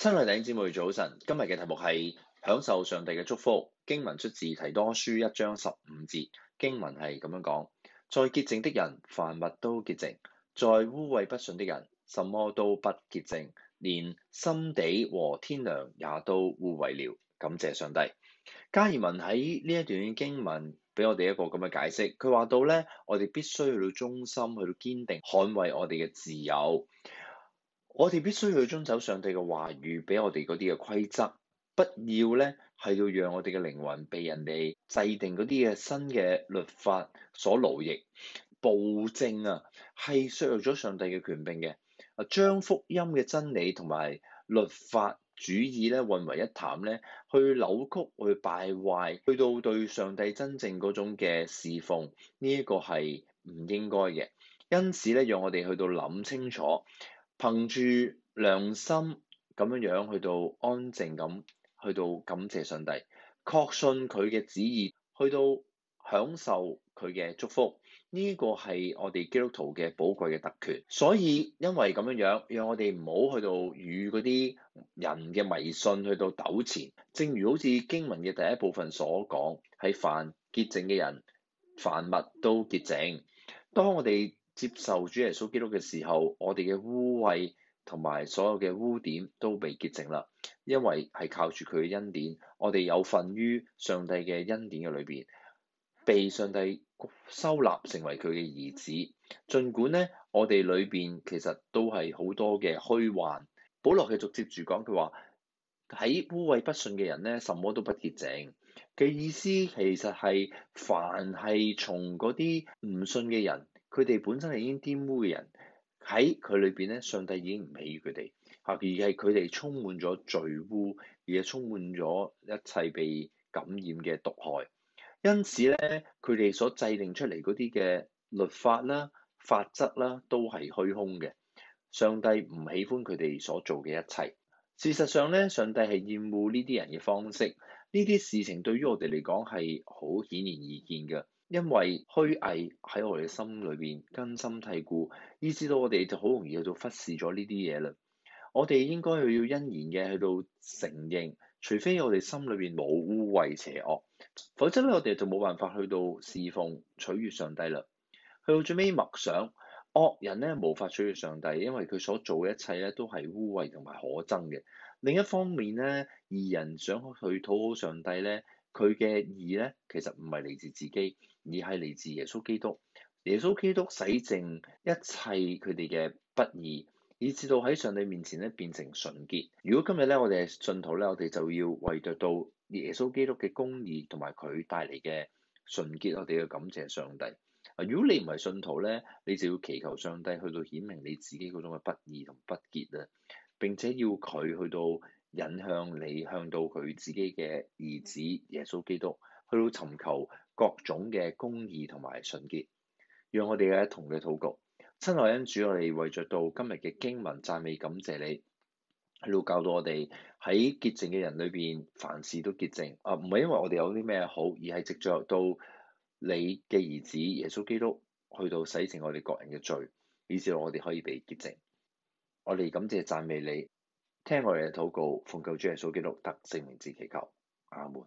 親愛弟兄姊妹，早晨，今日嘅題目係享受上帝嘅祝福。經文出自提多書一章十五節，經文係咁樣講：在潔淨的人，凡物都潔淨；在污穢不信的人，什麼都不潔淨，連心地和天良也都污穢了。感謝上帝。加爾文喺呢一段經文俾我哋一個咁嘅解釋，佢話到咧，我哋必須去到忠心，去到堅定，捍衛我哋嘅自由。我哋必須要遵守上帝嘅話語，俾我哋嗰啲嘅規則，不要咧係到讓我哋嘅靈魂被人哋制定嗰啲嘅新嘅律法所勞役、暴政啊，係削弱咗上帝嘅權柄嘅啊，將福音嘅真理同埋律法主義咧混為一談咧，去扭曲、去敗壞，去到對上帝真正嗰種嘅侍奉呢一、這個係唔應該嘅。因此咧，讓我哋去到諗清楚。憑住良心咁樣樣去到安靜咁，去到感謝上帝，確信佢嘅旨意，去到享受佢嘅祝福，呢個係我哋基督徒嘅寶貴嘅特權。所以因為咁樣樣，讓我哋唔好去到與嗰啲人嘅迷信去到糾纏。正如好似經文嘅第一部分所講，係凡潔淨嘅人，凡物都潔淨。當我哋接受主耶穌基督嘅時候，我哋嘅污穢同埋所有嘅污點都被潔淨啦，因為係靠住佢嘅恩典，我哋有份於上帝嘅恩典嘅裏邊，被上帝收納成為佢嘅兒子。儘管咧，我哋裏邊其實都係好多嘅虛幻。保羅繼續接住講，佢話喺污穢不信嘅人咧，什麼都不潔淨嘅意思，其實係凡係從嗰啲唔信嘅人。佢哋本身係已經玷污嘅人，喺佢裏邊咧，上帝已經唔喜佢哋，嚇而係佢哋充滿咗罪污，而係充滿咗一切被感染嘅毒害。因此咧，佢哋所制定出嚟嗰啲嘅律法啦、法則啦，都係虛空嘅。上帝唔喜歡佢哋所做嘅一切。事實上咧，上帝係厭惡呢啲人嘅方式，呢啲事情對於我哋嚟講係好顯然易見嘅。因為虛偽喺我哋嘅心裏邊根深蒂固，以致到我哋就好容易去到忽視咗呢啲嘢啦。我哋應該要欣然嘅去到承認，除非我哋心裏邊冇污穢邪惡，否則咧我哋就冇辦法去到侍奉取悅上帝啦。去到最尾默想，惡人咧無法取悅上帝，因為佢所做嘅一切咧都係污穢同埋可憎嘅。另一方面咧，義人想去討好上帝咧。佢嘅義咧，其實唔係嚟自自己，而係嚟自耶穌基督。耶穌基督洗淨一切佢哋嘅不義，以至到喺上帝面前咧變成純潔。如果今日咧我哋係信徒咧，我哋就要為着到耶穌基督嘅公義同埋佢帶嚟嘅純潔，我哋要感謝上帝。啊，如果你唔係信徒咧，你就要祈求上帝去到顯明你自己嗰種嘅不義同不潔啊，並且要佢去到。引向你，向到佢自己嘅兒子耶穌基督，去到尋求各種嘅公義同埋純潔，讓我哋一同嘅禱告。親愛恩主，我哋為着到今日嘅經文讚美感謝你，去到教導我哋喺潔淨嘅人裏邊凡事都潔淨。啊，唔係因為我哋有啲咩好，而係藉著到你嘅兒子耶穌基督去到洗淨我哋各人嘅罪，以至我哋可以被潔淨。我哋感謝讚美你。聽我哋嘅禱告，奉救主耶穌基督嘅聖靈之祈求，阿門。